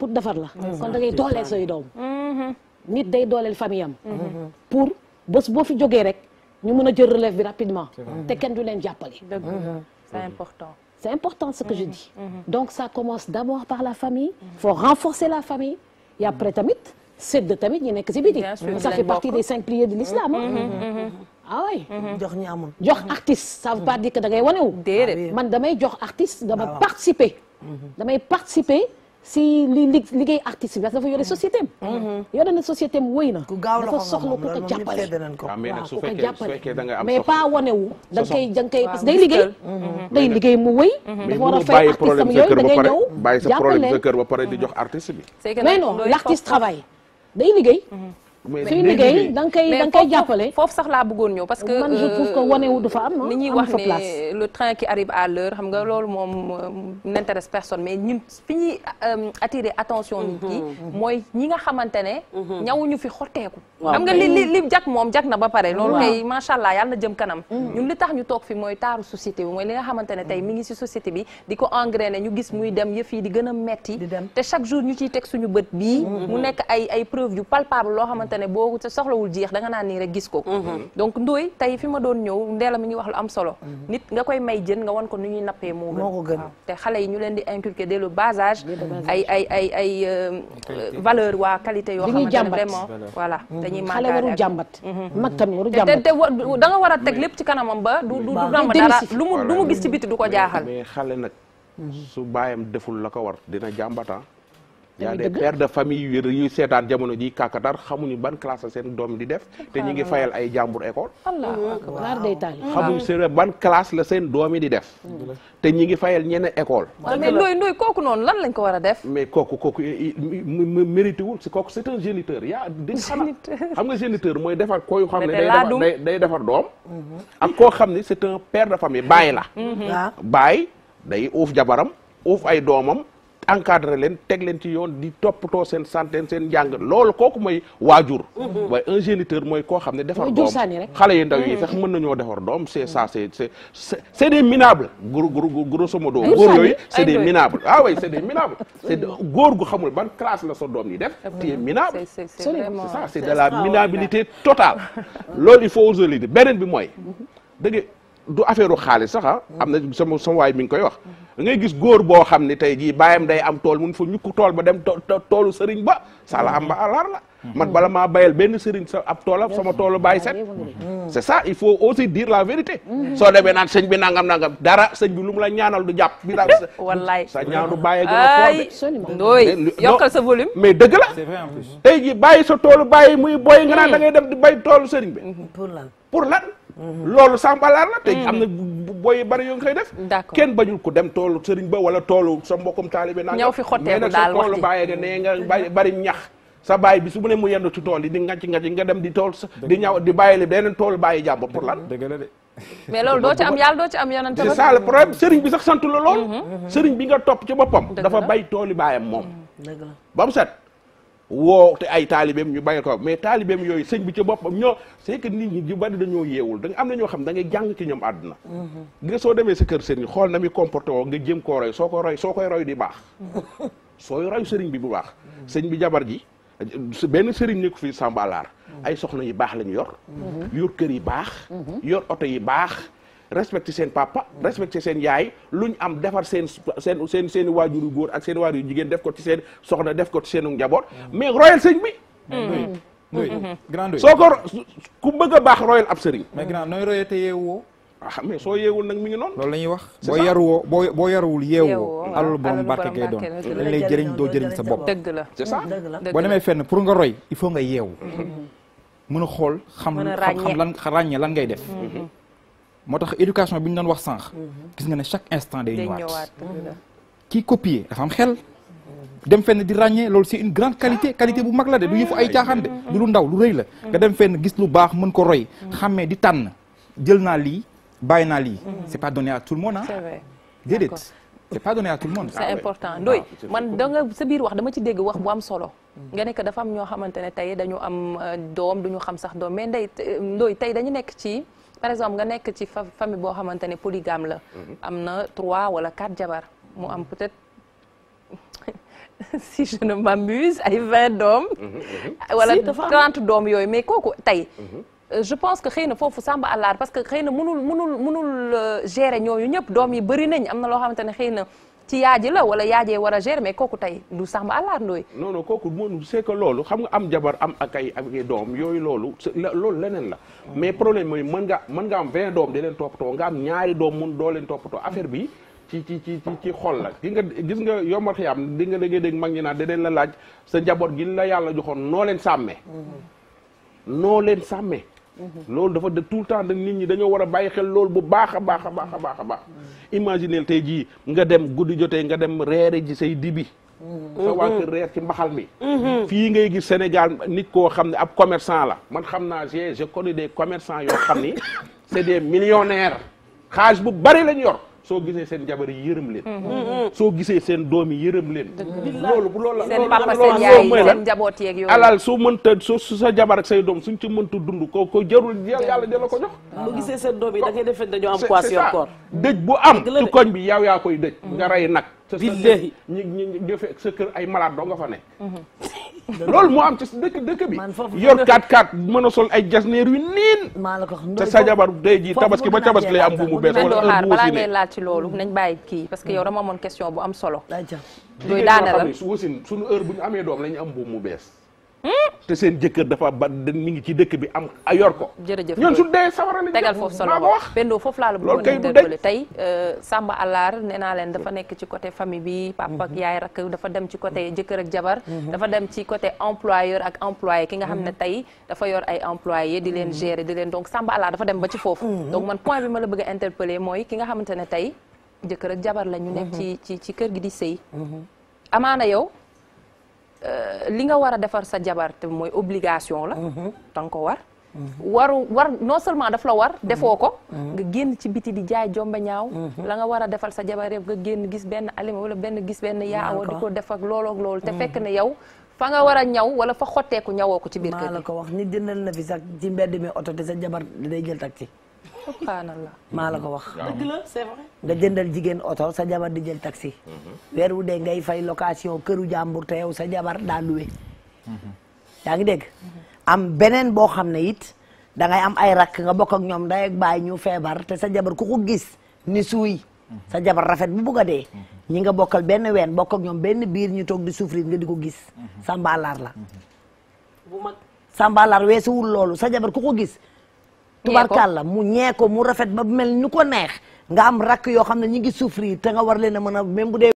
pour defar la kon da ngay dooleel say doom mm-hmm. famille mm-hmm. pour bés boo fi jógee rek ñu mën a jël relève bi rapidement te kenn du leen jàppale mm-hmm. c'est important c'est important ce que je dis donc ça commence d'abord par la famille faut renforcer la famille et après tamit sedd tamit ñi nekk si biti ça fait partie des cinq piliers de l'islam ah oui jox ñi jox artiste ça veut pas dire que da ngay ah man damay jox artiste dama ah participer damay participer si li liggéey artiste bi dafa yore société am. Mm-hmm. yore na société am na. dafa soxla ku ko jàppale. Ah, mais pas wane wu. da parce que day mm-hmm. liggéey. mu wéy. dafa war a fay artiste am yooyu bi. mais non l' artiste day liggéey. Mm-hmm. suy liggéey da nga jàppale. foofu sax laa bëggoon ñëw parce que. man wane wu dafa am ah. ñuy wax ne le train qui arrive à l'heure xam nga loolu moom euh, n'intéresse personne mais ñun fi ñuy euh, attirer attention nit ñi. Mm-hmm. Mm-hmm. mooy ñi nga xamante ne. Mm-hmm. ñawuñu fi xotteeku. xam nga li li li jag moom jag na ba pare. loolu kay macha allah yàlla na jëm kanam. Mm. ñun li tax ñu toog fi mooy taaru société bi mooy li nga xamante ne tey mi ngi ci société bi di ko engrainer ñu gis muy dem yëf yi di gën a metti. te chaque jour ñu ciy teg suñu bët bii. mu nekk ay ay preuve yu loo xamante xamante ne boo soxlawul jeex danga nga naan nii rek gis ko mhm. donc ndooy tey fi ma doon ñëw ndeela mi ngi wax lu am solo mhm. nit nga koy may jën nga wan ko nu ñuy nappe moo gën te xale yi ñu leen di inculquer dès le bas ay ay ay euh, ay euh, valeur waa qualité yoo xamante ne vraiment voilà mhm. dañuy màgg jàmbat mag tamit warul jàmbat te da nga war a teg lépp ci kanamam ba du du ramb dara lu mu gis ci biti du ko jaaxal xale nag su bàyyam deful la ko war dina jàmbata ah. y a des pères de famille yu seetaan jamono ji kàkkatar xamuñu ban classe seen doom di def te ñu ngi fayal ay jàmbur école xamuñu seen ban classe la seen doom yi di def te ñi ngi fayal ñeneen école ah, mais ndoy ndoy kooku noonu lan lañ ko war a def mais kooku kooku mérité wul si kooku c'est un géniteur yaa di xam nga géniteur mooy defar koo xam ne day defar doom mhm. ak koo xam ne c'est un père de famille bàyyi la mhm. bàyyi day uuf jabaram uuf ay doomam encadré leen teg leen ci yoon di topp toppatoo seen santé seen lool loolu kooku mooy waajur mhm. waaye un mooy koo xam ne defar doom xale yi ndaw yi mhm. sax mën nañoo defar doom c'est minable c'est c'est c'est des minables gros gros grosso modo góor yooyu ah c'est des minables gu xamul ban classe la sa doom yi def tu es minable c'est ça c'est de la minabilité totale lool il faut aujourd'hui beneen bi mooy mhm. du affaire xaalis sax ah. am na sama sama waay mi ngi koy wax. da ngay gis góor boo xam ne tey jii baayam day am tool mun fa ñukk tool ba dem toolu sëriñ ba sala am ba alaar la. man bala maa bayal benn sëriñ sa ab toolam sama toolu baay set. c' est ça il faut aussi dire la vérité. soo dee naan sëñ bi nangam nangam dara sëñ bi lu mu la ñaanal du jàpp. wallaay sa ñaanu bàyyi gën a tool yokkal sa volume. mais dëgg la. c'est bàyyi sa toolu bàyyi muy boy nga naan hmm. da ngay dem di bay toolu sëriñ bi. pour hmm. la pour lan. loolu sambalaar la te mm-hmm. am na booy bari yoo ngi koy def kenn bañul ko dem toolu sëriñ ba wala toolu sa mbokkum taalibe naa ñëw fi xotteeku daal wax toolu bàyyee nga nee nga bari ñax sa baay bi su mu ne mu yendu ci tool yi di ngacc ngacc nga dem di tool di ñaw di bàyyi li beneen tool bàyyi jàmbur pour lan mais loolu doo ci am yàlla doo ci am yonent c'est ça le problème sëriñ bi sax sant la lool mm-hmm. sëriñ bi nga topp ci boppam dafa bay tooli baayam moom mm-hmm. ba mu set woo te ay taalibeem ñu bàyyi ko mais taalibeem yooyu sëñ bi ci boppam ñoo c'est que nit ñi ñu bari dañoo yeewul da am na ñoo xam da ngay jàng ci ñoom àdduna mm-hmm. nga soo demee sa kër sëriñ xool na muy comporté woo nga jëm koo roy soo ko roy soo koy roy di baax mm-hmm. sooy roy sëriñ bi bu baax mm-hmm. sëñ bi jabar ji benn sëriñ ni ko fii sàmbalaar ay soxna yu baax lañu yor yor kër yi baax yor oto yi baax respecte seen papa respecté seen yaay lu ñu am defar seen seen seen seen i waajuru góor ak seen i waajuru jigéen def ko ci seen soxna def ko ci seenu njaboot mm. mais royal sëñ bi mm. Mm. Mm-hmm. soo ko ku bëgg a baax royal ab sëriñ mais grand nooy te yeewoo ah soo yeewul nag mi ngi noonu loolu la ñuy wax boo yaruwoo boo boo yaruwul yeewoo alalu borom barke ngay doon dañ lay jëriñ doo jëriñ sa bopp dëgg la c'est ça boo demee fenn pour nga roy il faut nga yeew mm-hmm. mën a xool xam xam lan ràññee lan ngay def mm-hmm. moo tax éducation bi ñu doon wax sànq. Mhm. gis nga ne chaque instant ñu ñëwaat kii copier dafa am xel. dem fenn di ràññee loolu si une grande qualité ah. qualité bu mag la de du yëfu ay ah. caaxaan de mhm. du lu ndaw lu rëy la. nga dem fenn gis lu baax mën ko roy. Mhm. xàmmee di tànn jël naa lii bàyyi naa lii. c'est pas donné à tout le monde ah, ah. c'est important Ndoye man da sa biir wax dama ci dégg wax bu am solo. nga nekk dafa am ñoo xamante ne tey dañu am euh, doom duñu xam sax doom mais Ndeye Ndoye tey dañu nekk ci. par exemple nga nekk ci famille boo xamante ne polygame la. Mhm. am na trois wala quatre jabar mu am peut-être. si je ne m'amuse ay vingt doom mhm, mhm. wala trente doom yooyu mais kooku tey euh, je pense que xëy na foofu sàmba àllaar parce que xëy na mënul mënul mënul euh, gérer ñooñu ñëpp doom yi bëri nañ am na loo xamante ne xëy na ci yaaji la wala yaajee war a gérer mais kooku tey du sax ma àllarndooy nooy non kooku moom c'est que loolu xam nga am jabar am ak ay doom yooyu loolu loolu leneen la ah. mais problème mooy mën nga mën nga am vingt doom di leen toppatoo nga am ñaari doom mun doo leen toppatoo affaire bi ci ci ci ci ci xol la gis nga gis nga yombal xiyam di nga déggee dégg mag ñi naan dinañ la laaj sa njaboot gi la yàlla joxoon noo leen sàmmee mm-hmm. noo leen sàmmee loolu dafa de tout le temps da nit ñi dañoo war a bàyyi xel loolu bu baax a baax a baax a baax a baax mm. imagineel tey jii nga dem guddi jotee nga dem reere ji say dibi mm. sa waa mm-hmm. reer ci mbaxal mi mm-hmm. fii ngay gis Sénégal nit koo xam ne ab commerçant la man xam naa j'ai j'ai connu des commerçants yoo xam ni c'est des millionnaires xaalis bu bari lañ yor soo gisee seen jabar yi yërëm leen mm-hmm. Mm-hmm. soo gisee seen doom yi yërëm leen mm-hmm. loolu bu loolu seen papa seen yaay seen njaboot yeeg yooyu soo mënta soo sa jabar say doom suñ ci mënta dund ko ko jarul yàlla dala ko jox bu gisee seen doom yi da ngay defee dañoo am poids sur corps dëj bu am ci koñ bi yow yaa koy dëj nga rey nag billahi ñi ñi sa kër ay malade doo nga fa ne loolu moo am ci dëkk dëkk bi yor 4-4 mën a sol ay jasneer yu niin te sa jabar day ji tabaski ba tabaski lay am bu mu bees wala xaar balaa ngay laaj ci loolu nañ bàyyi kii parce que yow dama amoon question bu am solo looyu daana la su wasin suñu heure bu ñu amee doom lañu am bu mu bees te seen jëkkër dafa ba mi ngi ci dëkk bi am a yor ko. jërëjëf ñoon su dee sawara foofu solo wax Pendo la bëggoon a dëggale tey euh, Samba Allaar nee naa leen dafa nekk ci côté famille bi papa mhm. yaay rakk dafa dem ci côté mhm. jëkkër ak jabar mhm. dafa dem ci côté employeur ak employé ki nga xam ne tey dafa yor ay employé di leen gérer di leen donc Samba Allaar dafa dem ba ci foofu donc man point bi ma la bëgg a mooy ki nga xamante ne tey jëkkër ak jabar la ñu nekk ci ci ci kër gi di sëy amaana yow Euh, li nga war a defar sa jabar te mooy obligation la. Mhm. da nga ko war. Mhm. waru war non seulement daf la war mhm. defoo ko nga génn ci biti di jaay jomba ñaaw la nga war a defal sa jabar yëpp nga génn gis benn alima wala benn gis benn yaa awa di ko def ak looloog loolu te fekk ne yow fa nga war a ñaw wala fa xotteeku ñawoo ko ci biir kër gi maa la ko wax nit jëndal na fi sax ci mbedd mi oto te sa jabar day jël ci subhanallah maa la ko wax. dëgg nga jëndal jigéen oto sa jabar di jël taxi. Mhm. weer wu dee ngay fay location këru jàmbur te yow sa jabar daa luwe. Mhm. yaa ngi dégg. Mhm. am beneen boo xam ne it da ngay am ay rakk nga bokk ak ñoom day ak bàyyi ñu feebar te sa jabar ku ko gis ni suuy. sa jabar rafet bu bugg a ñi nga bokkal benn ween bokk ñoom benn biir ñu toog di souffrir nga di ko gis. sambalaar la. bu mag sambalaar loolu sa jabar ku ko gis. tubarkàlla mu ñee ko mu rafet ba mel nu ko neex nga am rakk yoo xam ne ñi ngi souffrir te nga war leen a mën a même bu dee